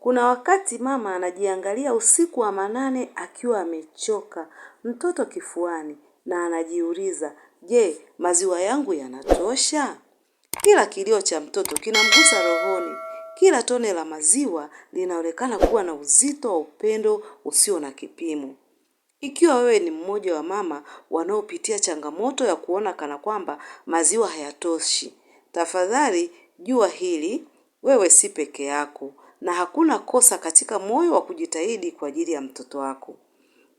Kuna wakati mama anajiangalia usiku wa manane akiwa amechoka, mtoto kifuani na anajiuliza, je, maziwa yangu yanatosha? Kila kilio cha mtoto kinamgusa rohoni. Kila tone la maziwa linaonekana kuwa na uzito wa upendo usio na kipimo. Ikiwa wewe ni mmoja wa mama wanaopitia changamoto ya kuona kana kwamba maziwa hayatoshi, tafadhali jua hili, wewe si peke yako na hakuna kosa katika moyo wa kujitahidi kwa ajili ya mtoto wako.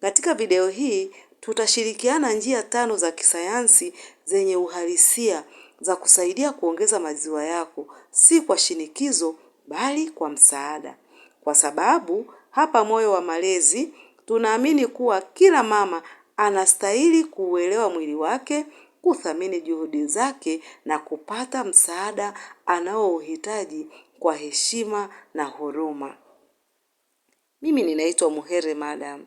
Katika video hii tutashirikiana njia tano za kisayansi zenye uhalisia za kusaidia kuongeza maziwa yako, si kwa shinikizo bali kwa msaada. Kwa sababu hapa Moyo wa Malezi tunaamini kuwa kila mama anastahili kuuelewa mwili wake kuthamini juhudi zake na kupata msaada anaouhitaji kwa heshima na huruma. Mimi ninaitwa Muhere Madam.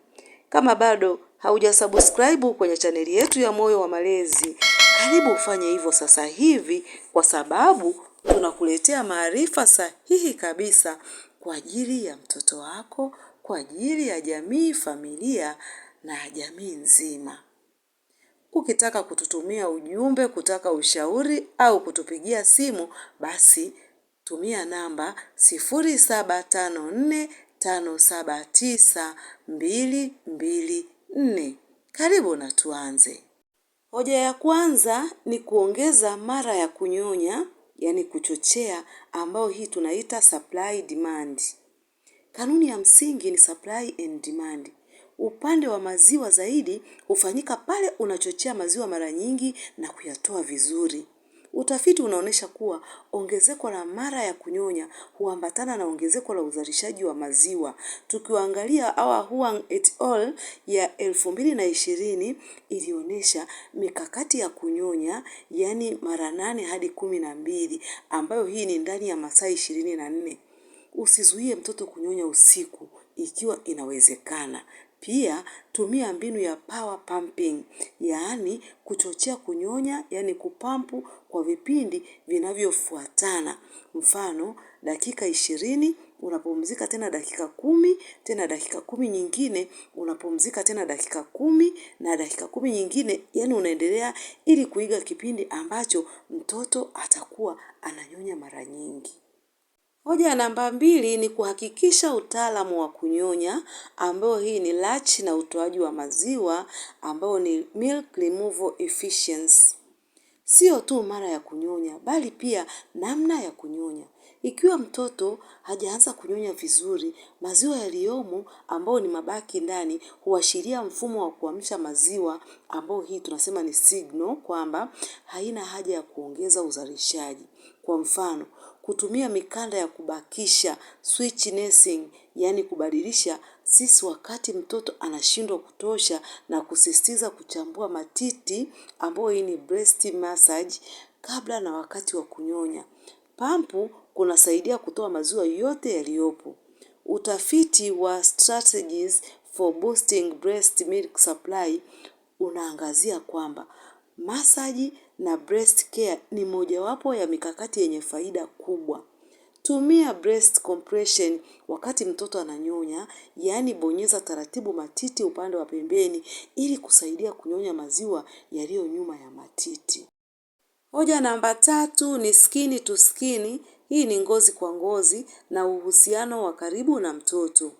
Kama bado haujasubscribe kwenye chaneli yetu ya Moyo wa Malezi, karibu ufanye hivyo sasa hivi kwa sababu tunakuletea maarifa sahihi kabisa kwa ajili ya mtoto wako, kwa ajili ya jamii, familia na jamii nzima. Ukitaka kututumia ujumbe, kutaka ushauri au kutupigia simu, basi tumia namba 0754579224. Karibu na tuanze. Hoja ya kwanza ni kuongeza mara ya kunyonya, yani kuchochea, ambayo hii tunaita supply demand. Kanuni ya msingi ni supply and demand. Upande wa maziwa zaidi hufanyika pale unachochea maziwa mara nyingi na kuyatoa vizuri. Utafiti unaonyesha kuwa ongezeko la mara ya kunyonya huambatana na ongezeko la uzalishaji wa maziwa. Tukiwaangalia awa Huang et al. ya elfu mbili na ishirini ilionyesha mikakati ya kunyonya, yaani mara nane hadi kumi na mbili, ambayo hii ni ndani ya masaa ishirini na nne. Usizuie mtoto kunyonya usiku ikiwa inawezekana. Pia tumia mbinu ya power pumping, yaani kuchochea kunyonya, yaani kupampu kwa vipindi vinavyofuatana. Mfano, dakika ishirini, unapumzika tena dakika kumi, tena dakika kumi nyingine, unapumzika tena dakika kumi, na dakika kumi nyingine, yani unaendelea ili kuiga kipindi ambacho mtoto atakuwa ananyonya mara nyingi. Hoja ya namba mbili ni kuhakikisha utaalamu wa kunyonya, ambao hii ni lachi na utoaji wa maziwa, ambao ni milk removal efficiency. Sio tu mara ya kunyonya, bali pia namna ya kunyonya. Ikiwa mtoto hajaanza kunyonya vizuri, maziwa yaliyomo ambao ni mabaki ndani, huashiria mfumo wa kuamsha maziwa ambao hii tunasema ni signal kwamba haina haja ya kuongeza uzalishaji. Kwa mfano, kutumia mikanda ya kubakisha switch nursing, yaani kubadilisha sisi wakati mtoto anashindwa kutosha na kusisitiza kuchambua matiti ambayo hii ni breast massage kabla na wakati wa kunyonya. Pampu kunasaidia kutoa maziwa yote yaliyopo. Utafiti wa strategies for boosting breast milk supply unaangazia kwamba masaji na breast care ni mojawapo ya mikakati yenye faida kubwa. Tumia breast compression wakati mtoto ananyonya, yaani bonyeza taratibu matiti upande wa pembeni ili kusaidia kunyonya maziwa yaliyo nyuma ya matiti. Hoja namba tatu ni skin to skin. Hii ni ngozi kwa ngozi na uhusiano wa karibu na mtoto.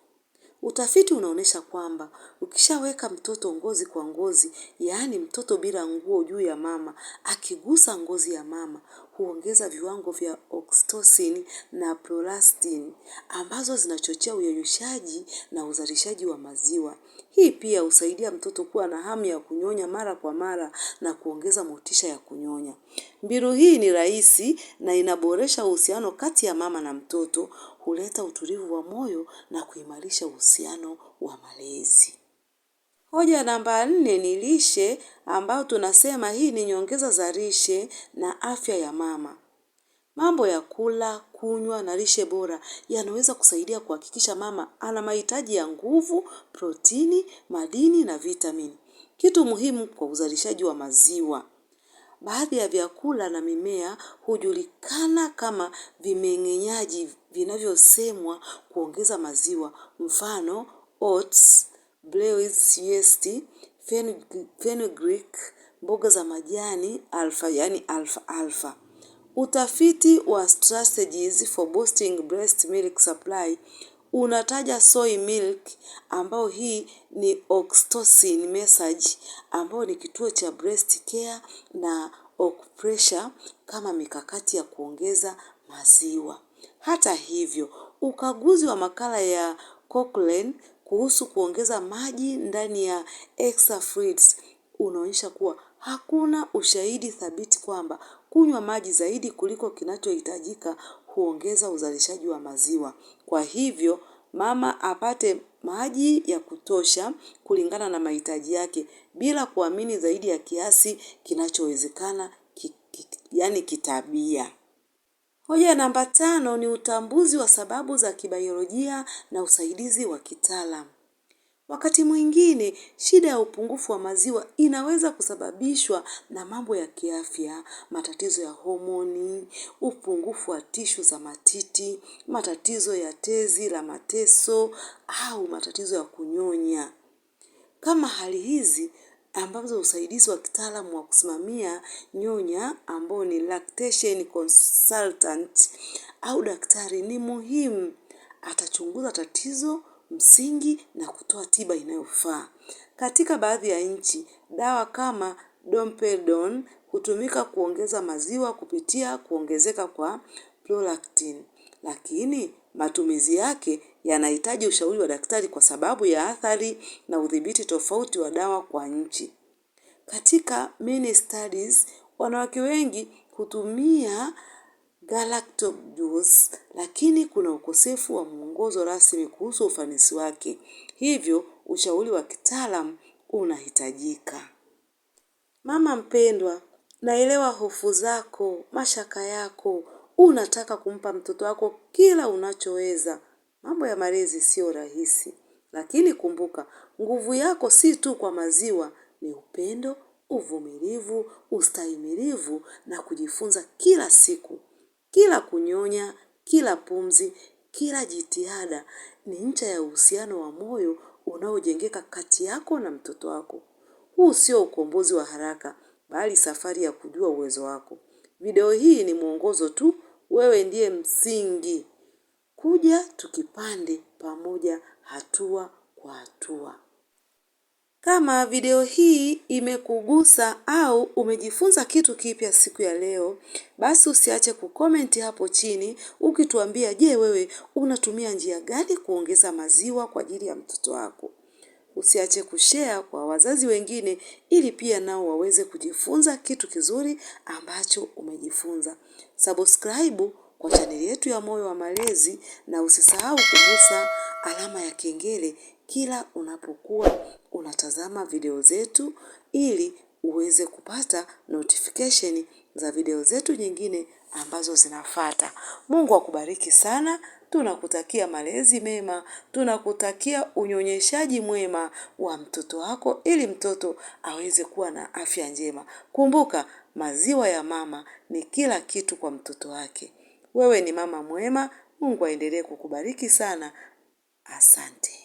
Utafiti unaonesha kwamba ukishaweka mtoto ngozi kwa ngozi, yaani mtoto bila nguo juu ya mama, akigusa ngozi ya mama, huongeza viwango vya oxytocin na prolactin ambazo zinachochea uyeyushaji na uzalishaji wa maziwa. Hii pia husaidia mtoto kuwa na hamu ya kunyonya mara kwa mara na kuongeza motisha ya kunyonya. Mbinu hii ni rahisi na inaboresha uhusiano kati ya mama na mtoto, huleta utulivu wa moyo na kuimarisha uhusiano wa malezi. Hoja namba nne ni lishe ambayo tunasema hii ni nyongeza za lishe na afya ya mama. Mambo ya kula, kunywa na lishe bora yanaweza kusaidia kuhakikisha mama ana mahitaji ya nguvu, protini, madini na vitamini. Kitu muhimu kwa uzalishaji wa maziwa. Baadhi ya vyakula na mimea hujulikana kama vimeng'enyaji vinavyosemwa kuongeza maziwa, mfano oats, yeast, fenugreek, mboga za majani alfa yani alfa alfa. Utafiti wa Strategies for Boosting Breast Milk Supply unataja soy milk ambao hii ni oxytocin message ambao ni kituo cha breast care na pressure kama mikakati ya kuongeza maziwa. Hata hivyo, ukaguzi wa makala ya Cochrane kuhusu kuongeza maji ndani ya fluids unaonyesha kuwa hakuna ushahidi thabiti kwamba kunywa maji zaidi kuliko kinachohitajika huongeza uzalishaji wa maziwa. Kwa hivyo, mama apate maji ya kutosha kulingana na mahitaji yake bila kuamini zaidi ya kiasi kinachowezekana yani kitabia. Hoja namba tano ni utambuzi wa sababu za kibayolojia na usaidizi wa kitaalam. Wakati mwingine, shida ya upungufu wa maziwa inaweza kusababishwa na mambo ya kiafya, matatizo ya homoni, upungufu wa tishu za matiti, matatizo ya tezi la mateso, au matatizo ya kunyonya. Kama hali hizi ambazo usaidizi wa kitaalamu wa kusimamia nyonya ambao ni lactation consultant au daktari ni muhimu. Atachunguza tatizo msingi na kutoa tiba inayofaa. Katika baadhi ya nchi, dawa kama domperidone hutumika kuongeza maziwa kupitia kuongezeka kwa prolactin, lakini matumizi yake yanahitaji ushauri wa daktari kwa sababu ya athari na udhibiti tofauti wa dawa kwa nchi. Katika many studies, wanawake wengi hutumia Galactobus lakini kuna ukosefu wa mwongozo rasmi kuhusu ufanisi wake. Hivyo ushauri wa kitaalam unahitajika. Mama mpendwa, naelewa hofu zako, mashaka yako. Unataka kumpa mtoto wako kila unachoweza. Mambo ya malezi sio rahisi, lakini kumbuka, nguvu yako si tu kwa maziwa, ni upendo, uvumilivu, ustahimilivu na kujifunza kila siku. Kila kunyonya, kila pumzi, kila jitihada ni ncha ya uhusiano wa moyo unaojengeka kati yako na mtoto wako. Huu sio ukombozi wa haraka, bali safari ya kujua uwezo wako. Video hii ni mwongozo tu, wewe ndiye msingi. Kuja tukipande pamoja hatua kwa hatua. Kama video hii imekugusa au umejifunza kitu kipya siku ya leo, basi usiache kukomenti hapo chini ukituambia, je, wewe unatumia njia gani kuongeza maziwa kwa ajili ya mtoto wako? Usiache kushare kwa wazazi wengine ili pia nao waweze kujifunza kitu kizuri ambacho umejifunza. Subscribe kwa chaneli yetu ya Moyo wa Malezi na usisahau kugusa alama ya kengele kila unapokuwa unatazama video zetu ili uweze kupata notification za video zetu nyingine ambazo zinafata Mungu akubariki sana. Tunakutakia malezi mema, tunakutakia unyonyeshaji mwema wa mtoto wako ili mtoto aweze kuwa na afya njema. Kumbuka, maziwa ya mama ni kila kitu kwa mtoto wake. Wewe ni mama mwema. Mungu aendelee kukubariki sana. Asante.